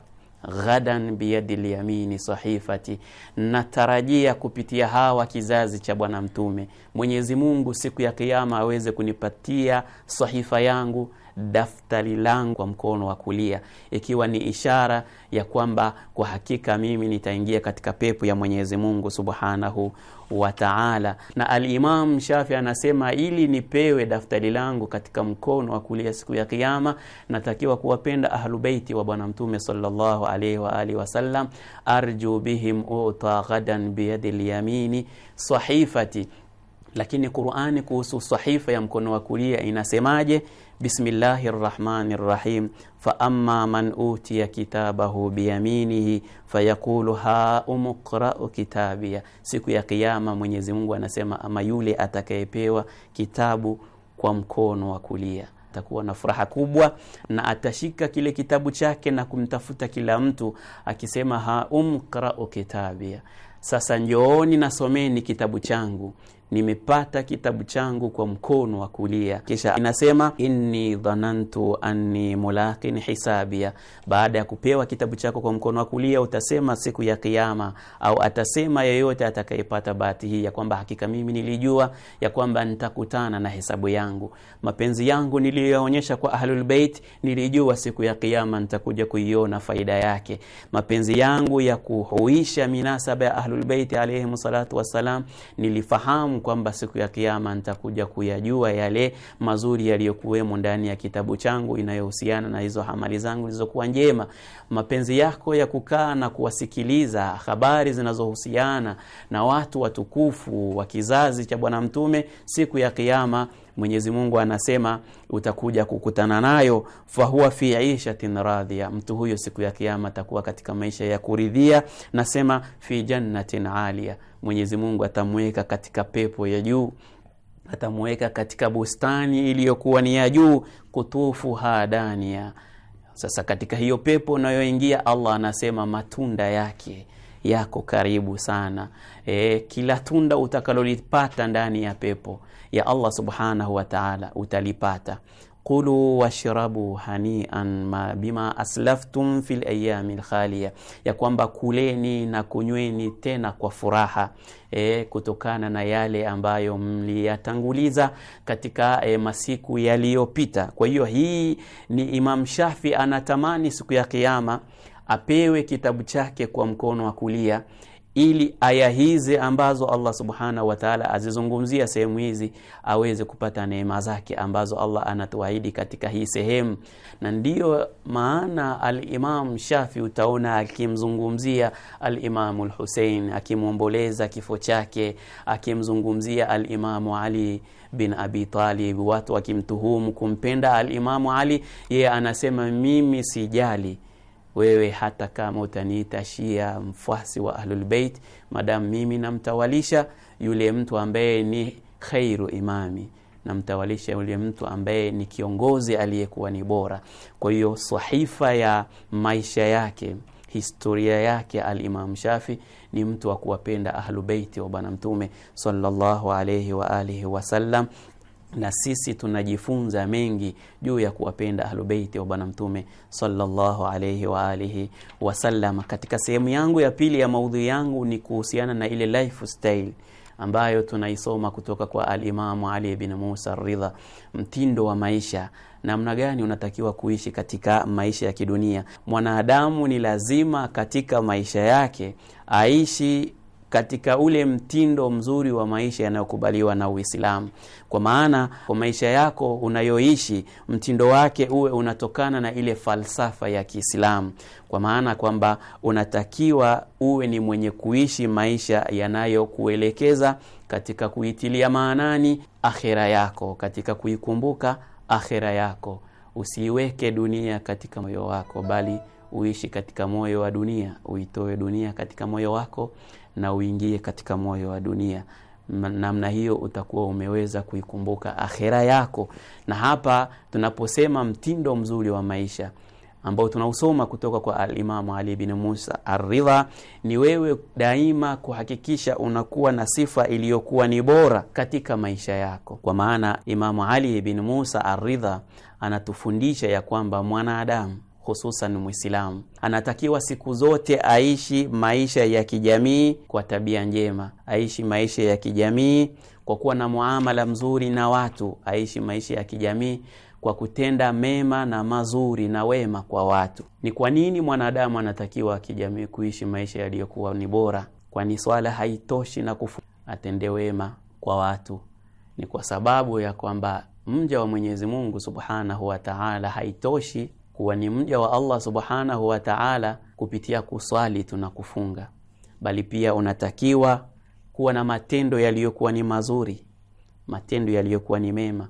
ghadan biyadi lyamini sahifati, natarajia kupitia hawa kizazi cha bwana mtume Mwenyezi Mungu siku ya Kiyama aweze kunipatia sahifa yangu daftari langu kwa mkono wa kulia, ikiwa ni ishara ya kwamba kwa hakika mimi nitaingia katika pepo ya Mwenyezi Mungu Subhanahu wa Ta'ala. Na al-Imam Shafi anasema ili nipewe daftari langu katika mkono wa kulia siku ya Kiyama, natakiwa kuwapenda ahlubeiti wa Bwana Mtume sallallahu alaihi wa alihi wasallam, arju bihim uta ghadan biyadi lyamini sahifati lakini Qur'ani kuhusu sahifa ya mkono wa kulia inasemaje? Bismillahi rrahmani rrahim, fa amma man utiya kitabahu biyaminihi fayaqulu haumqrau kitabia. Siku ya Kiyama Mwenyezi Mungu anasema, ama yule atakayepewa kitabu kwa mkono wa kulia atakuwa na furaha kubwa na atashika kile kitabu chake na kumtafuta kila mtu akisema, haumqrau kitabia, sasa njooni nasomeni kitabu changu nimepata kitabu changu kwa mkono wa kulia. Kisha inasema inni dhanantu anni mulaqin hisabia. Baada ya kupewa kitabu chako kwa mkono wa kulia, utasema siku ya Kiyama, au atasema yeyote atakayepata bahati hii ya kwamba hakika mimi nilijua ya kwamba nitakutana na hesabu yangu, mapenzi yangu niliyoonyesha kwa Ahlul Bait, nilijua siku ya Kiyama nitakuja kuiona faida yake, mapenzi yangu ya kuhuisha minasaba ya Ahlul Bait alayhi salatu wassalam, nilifahamu kwamba siku ya kiama nitakuja kuyajua yale mazuri yaliyokuwemo ndani ya kitabu changu inayohusiana na hizo amali zangu zilizokuwa njema. Mapenzi yako ya kukaa na kuwasikiliza habari zinazohusiana na watu watukufu wa kizazi cha Bwana Mtume siku ya kiama Mwenyezi Mungu anasema utakuja kukutana nayo, fahuwa fi ishatin radhiya, mtu huyo siku ya kiyama atakuwa katika maisha ya kuridhia. Nasema fi jannatin alia, Mwenyezi Mungu atamweka katika pepo ya juu atamuweka katika bustani iliyokuwa ni ya juu, kutufu hadania. Sasa katika hiyo pepo unayoingia, Allah anasema matunda yake yako karibu sana e, kila tunda utakalolipata ndani ya pepo ya Allah subhanahu wa ta'ala utalipata kulu washrabu hanian bima aslaftum fi layami lkhalia, ya kwamba kuleni na kunyweni tena kwa furaha e, kutokana na yale ambayo mliyatanguliza katika e, masiku yaliyopita. Kwa hiyo hii ni Imam Shafi anatamani siku ya Kiyama apewe kitabu chake kwa mkono wa kulia ili aya hizi ambazo Allah subhanahu wa ta'ala azizungumzia sehemu hizi aweze kupata neema zake ambazo Allah anatuahidi katika hii sehemu, na ndiyo maana al-Imam Shafi utaona akimzungumzia al-Imam hussein akimwomboleza kifo chake, akimzungumzia al-Imam Ali bin Abi Talib, watu wakimtuhumu kumpenda al-Imam Ali, yeye anasema mimi sijali wewe hata kama utaniita Shia, mfuasi wa Ahlulbeit, madamu mimi namtawalisha yule mtu ambaye ni khairu imami, namtawalisha yule mtu ambaye ni kiongozi aliyekuwa ni bora. Kwa hiyo sahifa ya maisha yake historia yake Alimam Shafi ni mtu wa kuwapenda ahlubeiti wa Bwana Mtume sallallahu alayhi wasallam, na sisi tunajifunza mengi juu ya kuwapenda ahlubeiti wa Bwana Mtume sallallahu alaihi wa alihi Katika sehemu yangu ya pili ya maudhui yangu ni kuhusiana na ile lifestyle ambayo tunaisoma kutoka kwa alimamu Ali bin Musa Ridha, mtindo wa maisha, namna gani unatakiwa kuishi katika maisha ya kidunia. Mwanadamu ni lazima katika maisha yake aishi katika ule mtindo mzuri wa maisha yanayokubaliwa na Uislamu. Kwa maana kwa maisha yako unayoishi mtindo wake uwe unatokana na ile falsafa ya Kiislamu, kwa maana kwamba unatakiwa uwe ni mwenye kuishi maisha yanayokuelekeza katika kuitilia maanani akhera yako, katika kuikumbuka akhera yako. Usiiweke dunia katika moyo wako, bali uishi katika moyo wa dunia, uitoe dunia katika moyo wako na uingie katika moyo wa dunia. Namna hiyo utakuwa umeweza kuikumbuka akhera yako. Na hapa tunaposema mtindo mzuri wa maisha ambao tunausoma kutoka kwa alimamu Ali bin Musa aridha ni wewe daima kuhakikisha unakuwa na sifa iliyokuwa ni bora katika maisha yako. Kwa maana Imamu Ali bin Musa aridha anatufundisha ya kwamba mwanadamu hususan Mwislamu anatakiwa siku zote aishi maisha ya kijamii kwa tabia njema, aishi maisha ya kijamii kwa kuwa na muamala mzuri na watu, aishi maisha ya kijamii kwa kutenda mema na mazuri na wema kwa watu. Ni kwa nini mwanadamu anatakiwa kijamii kuishi maisha yaliyokuwa ni bora? Kwani swala haitoshi na kufu atende wema kwa watu, ni kwa sababu ya kwamba mja wa Mwenyezi Mungu Subhanahu wa Ta'ala haitoshi kuwa ni mja wa Allah subhanahu wa ta'ala kupitia kuswali tuna kufunga, bali pia unatakiwa kuwa na matendo yaliyokuwa ni mazuri, matendo yaliyokuwa ni mema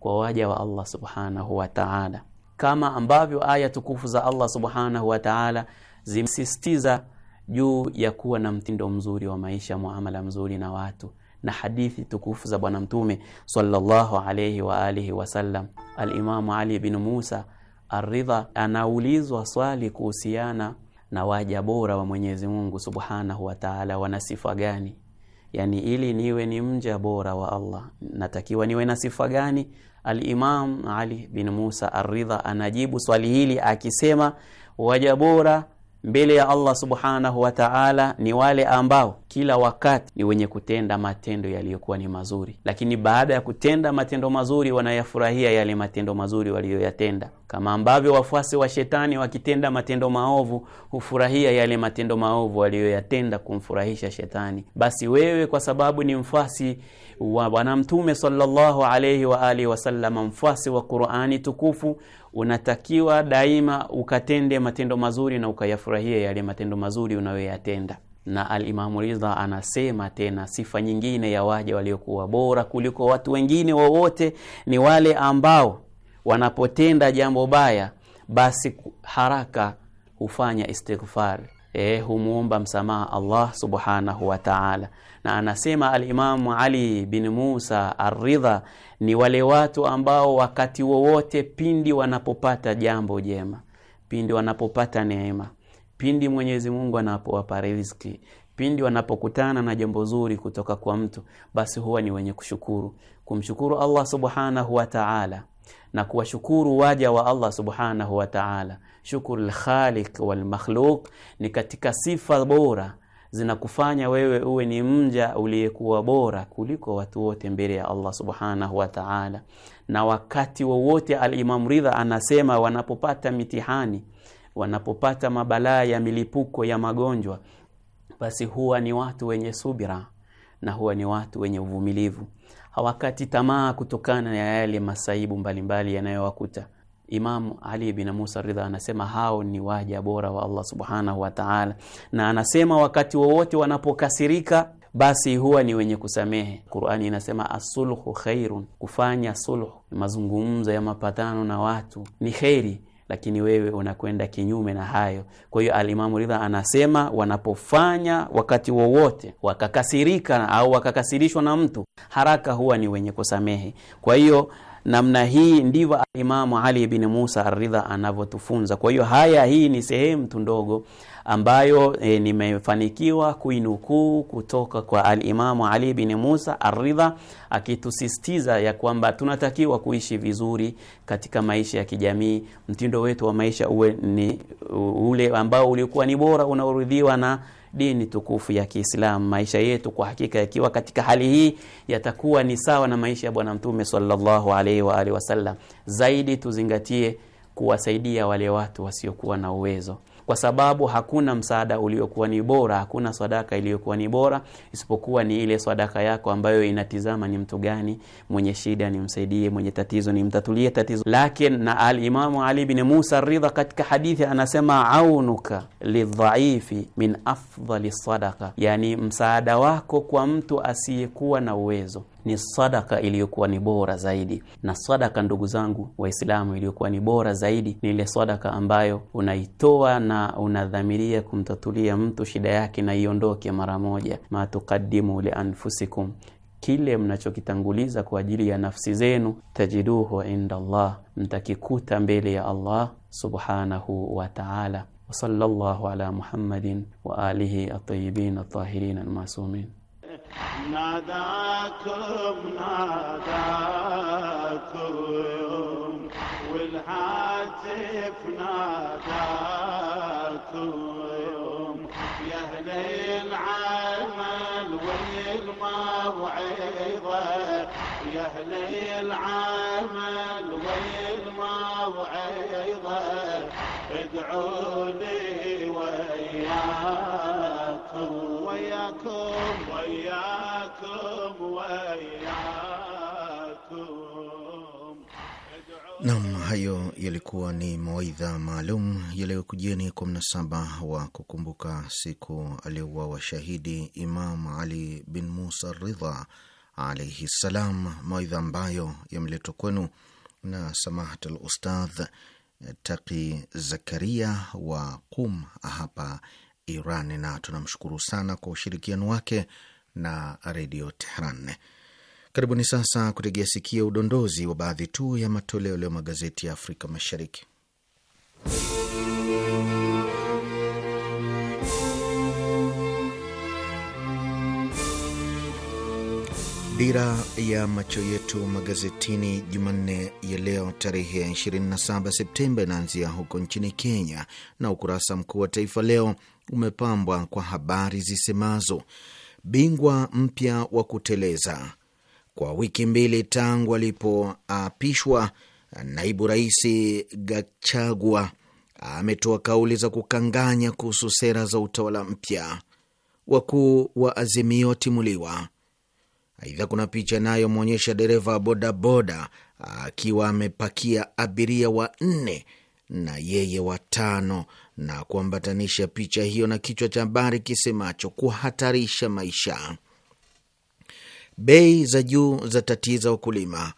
kwa waja wa Allah subhanahu wa ta'ala, kama ambavyo aya tukufu za Allah subhanahu wa ta'ala zimsisitiza juu ya kuwa na mtindo mzuri wa maisha, muamala mzuri na watu na hadithi tukufu za Bwana Mtume sallallahu alayhi wa alihi wasallam. Ali bin Musa Aridha anaulizwa swali kuhusiana na waja bora wa Mwenyezi Mungu Subhanahu wa Ta'ala, wana sifa gani? Yani, ili niwe ni mja bora wa Allah natakiwa niwe na sifa gani? alimam Ali bin Musa Aridha anajibu swali hili akisema waja bora mbele ya Allah subhanahu wa ta'ala ni wale ambao kila wakati ni wenye kutenda matendo yaliyokuwa ni mazuri, lakini baada ya kutenda matendo mazuri wanayafurahia yale matendo mazuri waliyoyatenda, kama ambavyo wafuasi wa shetani wakitenda matendo maovu hufurahia yale matendo maovu waliyoyatenda kumfurahisha shetani. Basi wewe kwa sababu ni mfuasi wa Bwana Mtume sallallahu alayhi wa alihi wasallam, mfuasi wa Qur'ani tukufu unatakiwa daima ukatende matendo mazuri na ukayafurahia yale matendo mazuri unayoyatenda na Alimamu Ridha anasema tena, sifa nyingine ya waja waliokuwa bora kuliko watu wengine wowote ni wale ambao wanapotenda jambo baya, basi haraka hufanya istighfar, e, eh, humwomba msamaha Allah subhanahu wataala na anasema alimamu Ali bin Musa Arridha ni wale watu ambao wakati wowote pindi wanapopata jambo jema, pindi wanapopata neema, pindi Mwenyezi Mungu anapowapa riziki, pindi wanapokutana na jambo zuri kutoka kwa mtu, basi huwa ni wenye kushukuru, kumshukuru Allah subhanahu wa ta'ala na kuwashukuru waja wa Allah subhanahu wa ta'ala. Shukuru lkhaliq walmakhluq ni katika sifa bora zinakufanya wewe uwe ni mja uliyekuwa bora kuliko watu wote mbele ya Allah subhanahu wa ta'ala. Na wakati wowote Al-Imam Ridha anasema wanapopata mitihani, wanapopata mabalaa ya milipuko ya magonjwa, basi huwa ni watu wenye subira na huwa ni watu wenye uvumilivu, hawakati tamaa kutokana na yale masaibu mbalimbali yanayowakuta. Imam Ali bin Musa Ridha anasema hao ni waja bora wa Allah subhanahu wa ta'ala, na anasema wakati wowote wanapokasirika basi huwa ni wenye kusamehe. Qur'ani inasema asulhu khairun, kufanya sulhu, mazungumzo ya mapatano na watu ni kheri, lakini wewe unakwenda kinyume na hayo. Kwa hiyo Alimamu Ridha anasema wanapofanya wakati wowote wakakasirika au wakakasirishwa na mtu, haraka huwa ni wenye kusamehe. Kwa hiyo Namna hii ndivyo Imamu Ali bin Musa Aridha anavyotufunza. Kwa hiyo haya, hii ni sehemu tu ndogo ambayo e, nimefanikiwa kuinukuu kutoka kwa Alimamu Ali bin Musa Aridha akitusisitiza ya kwamba tunatakiwa kuishi vizuri katika maisha ya kijamii, mtindo wetu wa maisha uwe ni ule ambao ulikuwa ni bora unaoridhiwa na dini tukufu ya Kiislamu. Maisha yetu kwa hakika yakiwa katika hali hii yatakuwa ni sawa na maisha ya Bwana Mtume sallallahu alaihi wa alihi wasallam. Zaidi tuzingatie kuwasaidia wale watu wasiokuwa na uwezo kwa sababu hakuna msaada uliokuwa ni bora, hakuna sadaka iliyokuwa ni bora isipokuwa ni ile sadaka yako ambayo inatizama ni mtu gani mwenye shida, nimsaidie, mwenye tatizo nimtatulie tatizo lake. Na Alimamu Ali bin Musa Ridha katika hadithi anasema, aunuka lidhaifi min afdhali sadaka yani msaada wako kwa mtu asiyekuwa na uwezo ni sadaka iliyokuwa ni bora zaidi. Na sadaka, ndugu zangu Waislamu, iliyokuwa ni bora zaidi ni ile sadaka ambayo unaitoa na unadhamiria kumtatulia mtu shida yake na iondoke mara moja. ma lianfusikum li anfusikum kile mnachokitanguliza kwa ajili ya nafsi zenu, tajiduhu inda Allah, mtakikuta mbele ya Allah subhanahu wa ta'ala. Wa sallallahu ala Muhammadin wa alihi atahirin almasumin at ناداكم ناداكم والهاتف ناداكم يا اهل العمل والموعظه يا اهل العمل والموعظه ادعوا لي وياكم وياكم وياكم nam. Hayo yalikuwa ni mawaidha maalum yaliyokujieni kwa mnasaba wa kukumbuka siku aliyouawa shahidi Imam Ali bin Musa Ridha alaihi ssalam, mawaidha ambayo yameletwa kwenu na samahat al ustadh Taqi Zakaria wa Qum hapa Iran, na tunamshukuru sana kwa ushirikiano wake na Redio Tehran. Karibuni sasa kutegea sikia udondozi wa baadhi tu ya matoleo leo magazeti ya Afrika Mashariki. Dira ya macho yetu magazetini Jumanne ya leo tarehe ya 27 Septemba inaanzia huko nchini Kenya, na ukurasa mkuu wa Taifa Leo umepambwa kwa habari zisemazo bingwa mpya wa kuteleza. Kwa wiki mbili tangu alipoapishwa, naibu rais Gachagua ametoa kauli za kukanganya kuhusu sera za utawala mpya. Wakuu wa Azimio watimuliwa. Aidha, kuna picha inayomwonyesha dereva bodaboda akiwa amepakia abiria wanne na yeye watano na kuambatanisha picha hiyo na kichwa cha habari kisemacho kuhatarisha maisha. Bei za juu za tatiza wakulima,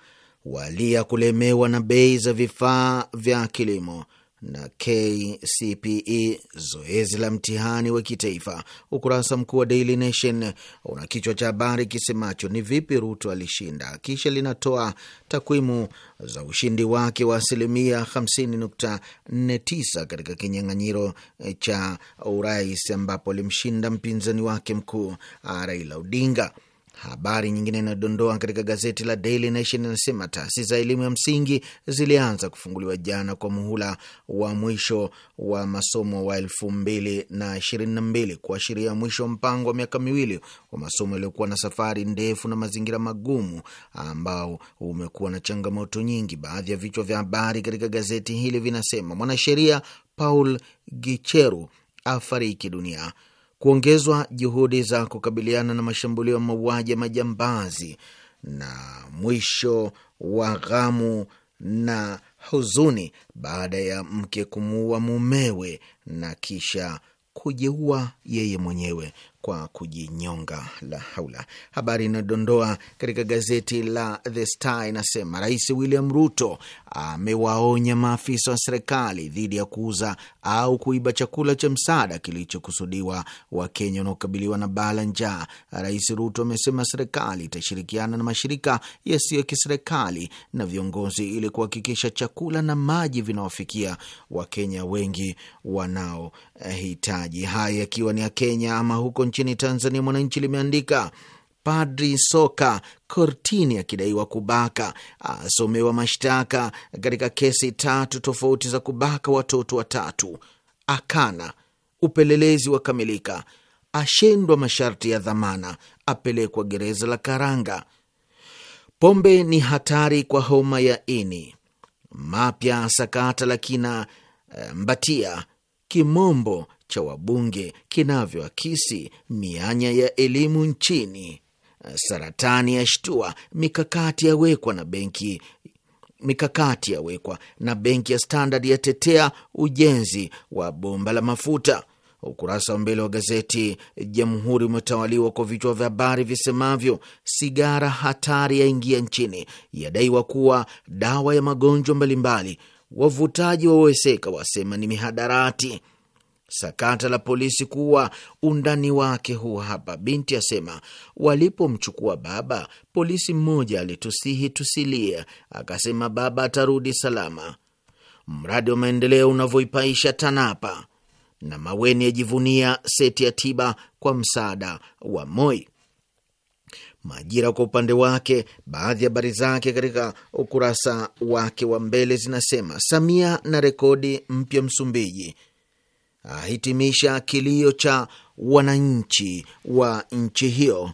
walia kulemewa na bei za vifaa vya kilimo na KCPE zoezi la mtihani wa kitaifa. Ukurasa mkuu wa Daily Nation una kichwa cha habari kisemacho ni vipi Ruto alishinda, kisha linatoa takwimu za ushindi wake wa asilimia 50.49 katika kinyang'anyiro eh, cha urais ambapo alimshinda mpinzani wake mkuu eh, Raila Odinga. Habari nyingine inayodondoa katika gazeti la Daily Nation inasema taasisi za elimu ya msingi zilianza kufunguliwa jana kwa muhula wa mwisho wa masomo wa elfu mbili na ishirini na mbili kuashiria mwisho wa mpango wa miaka miwili wa masomo yaliyokuwa na safari ndefu na mazingira magumu ambao umekuwa na changamoto nyingi. Baadhi ya vichwa vya habari katika gazeti hili vinasema mwanasheria Paul Gicheru afariki dunia kuongezwa juhudi za kukabiliana na mashambulio ya mauaji ya majambazi na mwisho wa ghamu na huzuni baada ya mke kumuua mumewe na kisha kujiua yeye mwenyewe kwa kujinyonga. La haula! Habari inayodondoa katika gazeti la The Star inasema Rais William Ruto amewaonya maafisa wa serikali dhidi ya kuuza au kuiba chakula cha msaada kilichokusudiwa Wakenya wanaokabiliwa na baa la njaa. Rais Ruto amesema serikali itashirikiana na mashirika yasiyo ya kiserikali na viongozi ili kuhakikisha chakula na maji vinawafikia Wakenya wengi wanaohitaji. Haya yakiwa ni ya Kenya. Ama huko nchini Tanzania, Mwananchi limeandika Padri Soka kortini akidaiwa kubaka, asomewa mashtaka katika kesi tatu tofauti za kubaka watoto watatu, akana. Upelelezi wa kamilika ashindwa masharti ya dhamana, apelekwa gereza la Karanga. Pombe ni hatari kwa homa ya ini. Mapya sakata la kina eh, Mbatia kimombo cha wabunge kinavyoakisi mianya ya elimu nchini. Saratani yashtua, mikakati yawekwa na benki mikakati yawekwa na benki ya Standard yatetea ujenzi wa bomba la mafuta. Ukurasa wa mbele wa gazeti Jamhuri umetawaliwa kwa vichwa vya habari visemavyo: sigara hatari yaingia nchini, yadaiwa kuwa dawa ya magonjwa mbalimbali, wavutaji waweseka wasema ni mihadarati sakata la polisi kuwa undani wake huu hapa. Binti asema walipomchukua baba, polisi mmoja alitusihi tusilie, akasema baba atarudi salama. Mradi wa maendeleo unavyoipaisha TANAPA na Maweni yajivunia seti ya tiba kwa msaada wa MOI. Majira kwa upande wake, baadhi ya habari zake katika ukurasa wake wa mbele zinasema Samia na rekodi mpya Msumbiji ahitimisha kilio cha wananchi wa nchi hiyo.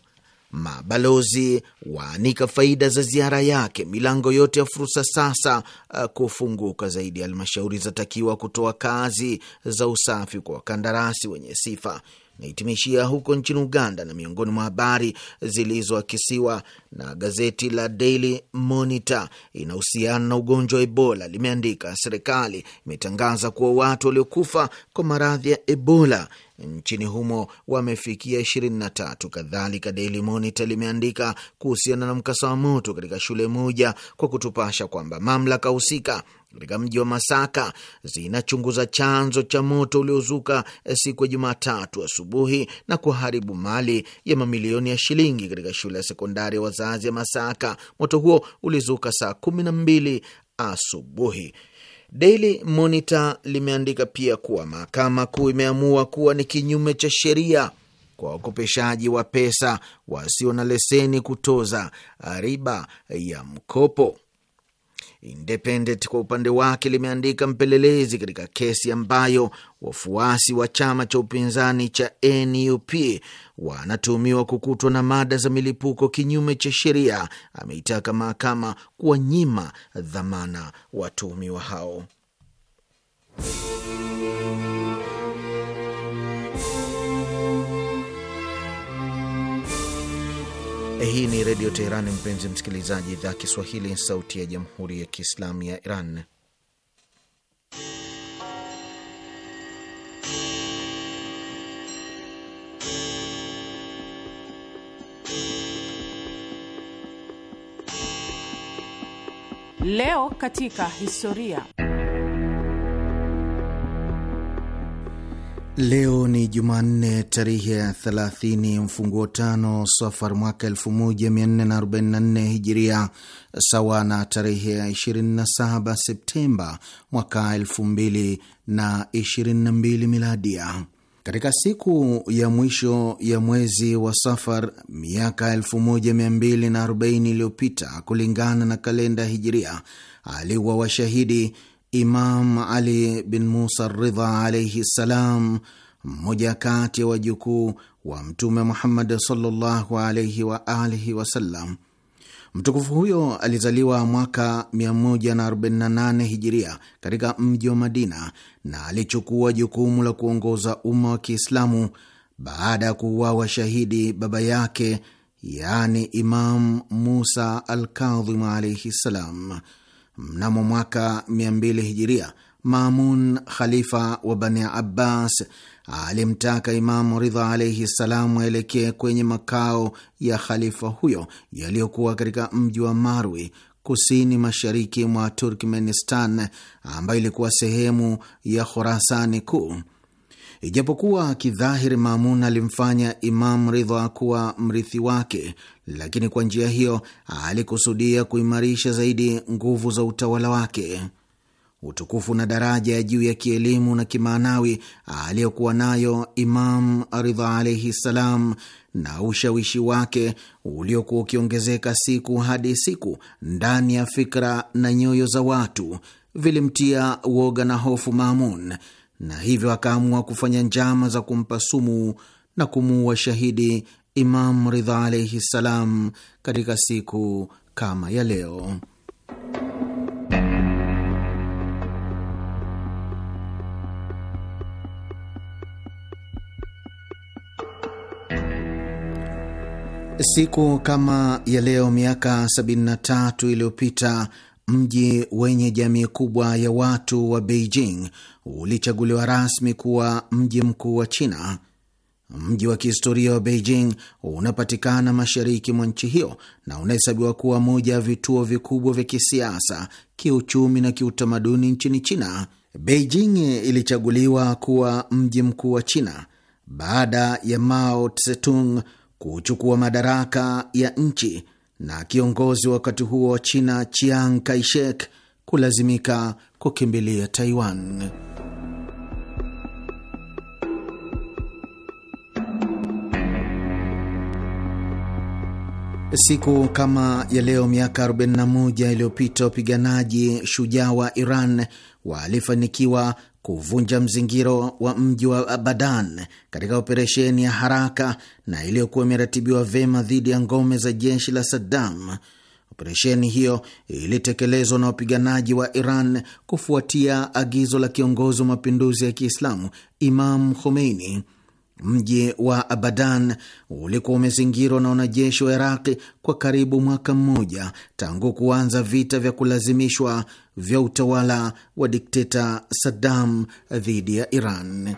Mabalozi waanika faida za ziara yake. Milango yote ya fursa sasa uh, kufunguka zaidi. Halmashauri zatakiwa kutoa kazi za usafi kwa wakandarasi wenye sifa. Naitimishia huko nchini Uganda, na miongoni mwa habari zilizoakisiwa na gazeti la Daily Monitor inahusiana na ugonjwa wa Ebola. Limeandika serikali imetangaza kuwa watu waliokufa kwa maradhi ya Ebola nchini humo wamefikia 23. Kadhalika, Daily Monitor limeandika kuhusiana na mkasa wa moto katika shule moja kwa kutupasha kwamba mamlaka husika katika mji wa Masaka zinachunguza chanzo cha moto uliozuka eh, siku ya Jumatatu asubuhi na kuharibu mali ya mamilioni ya shilingi katika shule ya sekondari ya wazazi ya Masaka. Moto huo ulizuka saa kumi na mbili asubuhi. Daily Monitor limeandika pia kuwa mahakama kuu imeamua kuwa ni kinyume cha sheria kwa wakopeshaji wa pesa wasio na leseni kutoza riba ya mkopo. Independent kwa upande wake limeandika mpelelezi katika kesi ambayo wafuasi wa chama cha upinzani cha NUP wanatuhumiwa kukutwa na mada za milipuko kinyume cha sheria, ameitaka mahakama kuwanyima dhamana watuhumiwa hao. Hii ni Redio Teheran, mpenzi msikilizaji, idhaa Kiswahili, sauti ya Jamhuri ya Kiislamu ya Iran. Leo katika historia. Leo ni Jumanne tarehe ya 30 mfunguo tano Safar mwaka 1444 Hijiria, sawa na tarehe ya 27 Septemba mwaka 2022 Miladia. Katika siku ya mwisho ya mwezi wa Safar miaka 1240 iliyopita kulingana na kalenda Hijiria, aliwa washahidi Imam Ali bin Musa Ridha alaihi ssalam, mmoja kati ya wajukuu wa Mtume Muhammad sallallahu alaihi waalihi wasallam. Mtukufu huyo alizaliwa mwaka 148 hijiria katika mji wa Madina na alichukua jukumu la kuongoza umma wa Kiislamu baada ya kuuawa shahidi baba yake, yaani Imam Musa Alkadhim alaihi ssalam. Mnamo mwaka 200 hijiria, Mamun khalifa wa Bani Abbas alimtaka Imamu Ridha alaihi ssalam aelekee kwenye makao ya khalifa huyo yaliyokuwa katika mji wa Marwi kusini mashariki mwa Turkmenistan, ambayo ilikuwa sehemu ya Khorasani kuu. Ijapokuwa kidhahiri Mamun alimfanya Imam Ridha kuwa mrithi wake, lakini kwa njia hiyo alikusudia kuimarisha zaidi nguvu za utawala wake utukufu na daraja ya juu ya kielimu na kimaanawi aliyokuwa nayo Imam Ridha alaihi ssalam na ushawishi wake uliokuwa ukiongezeka siku hadi siku ndani ya fikra na nyoyo za watu vilimtia woga na hofu Mamun, na hivyo akaamua kufanya njama za kumpa sumu na kumuua shahidi Imam Ridha alaihi ssalam katika siku kama ya leo. Siku kama ya leo miaka 73 iliyopita mji wenye jamii kubwa ya watu wa Beijing ulichaguliwa rasmi kuwa mji mkuu wa China. Mji wa kihistoria wa Beijing unapatikana mashariki mwa nchi hiyo na unahesabiwa kuwa moja ya vituo vikubwa vya kisiasa, kiuchumi na kiutamaduni nchini China. Beijing ilichaguliwa kuwa mji mkuu wa China baada ya Mao Tsetung kuchukua madaraka ya nchi na kiongozi wakati huo China Chiang Kai-shek kulazimika kukimbilia Taiwan. Siku kama ya leo miaka 41 iliyopita wapiganaji shujaa wa Iran walifanikiwa kuvunja mzingiro wa mji wa Abadan katika operesheni ya haraka na iliyokuwa imeratibiwa vema dhidi ya ngome za jeshi la Saddam. Operesheni hiyo ilitekelezwa na wapiganaji wa Iran kufuatia agizo la kiongozi wa mapinduzi ya Kiislamu Imam Khomeini. Mji wa Abadan ulikuwa umezingirwa na wanajeshi wa Iraqi kwa karibu mwaka mmoja tangu kuanza vita vya kulazimishwa vya utawala wa dikteta Saddam dhidi ya Iran.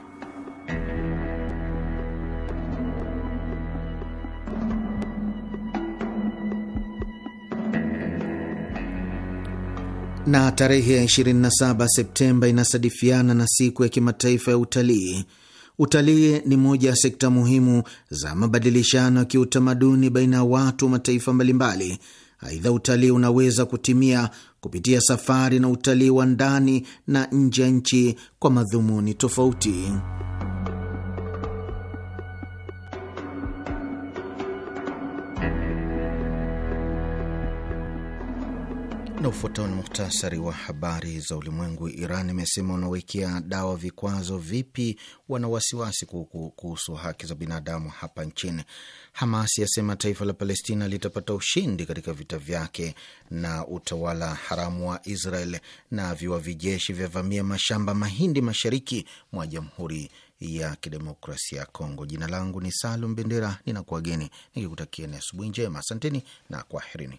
Na tarehe ya 27 Septemba inasadifiana na siku ya kimataifa ya utalii. Utalii ni moja ya sekta muhimu za mabadilishano ya kiutamaduni baina ya watu wa mataifa mbalimbali. Aidha, utalii unaweza kutimia kupitia safari na utalii wa ndani na nje ya nchi kwa madhumuni tofauti. Na ufuatao ni muhtasari wa habari za ulimwengu. Iran imesema wanawekea dawa vikwazo vipi wana wasiwasi kuhusu haki za binadamu hapa nchini. Hamas yasema taifa la Palestina litapata ushindi katika vita vyake na utawala haramu wa Israel, na viwa vijeshi vyavamia mashamba mahindi mashariki mwa Jamhuri ya Kidemokrasia ya Kongo. Jina langu ni Salum Bendera, nikikutakia nikikutakieni asubuhi njema. Asanteni na kwaherini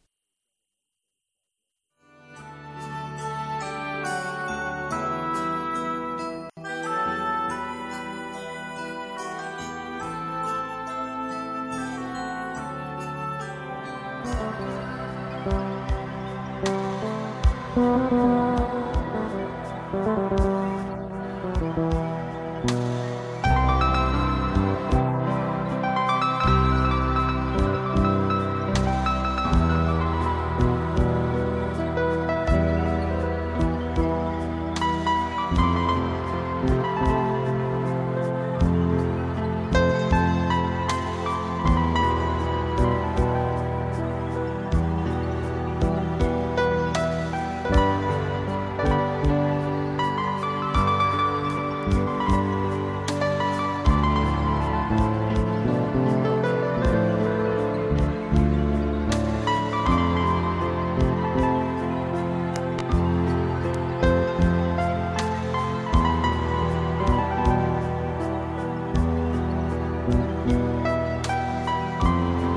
you.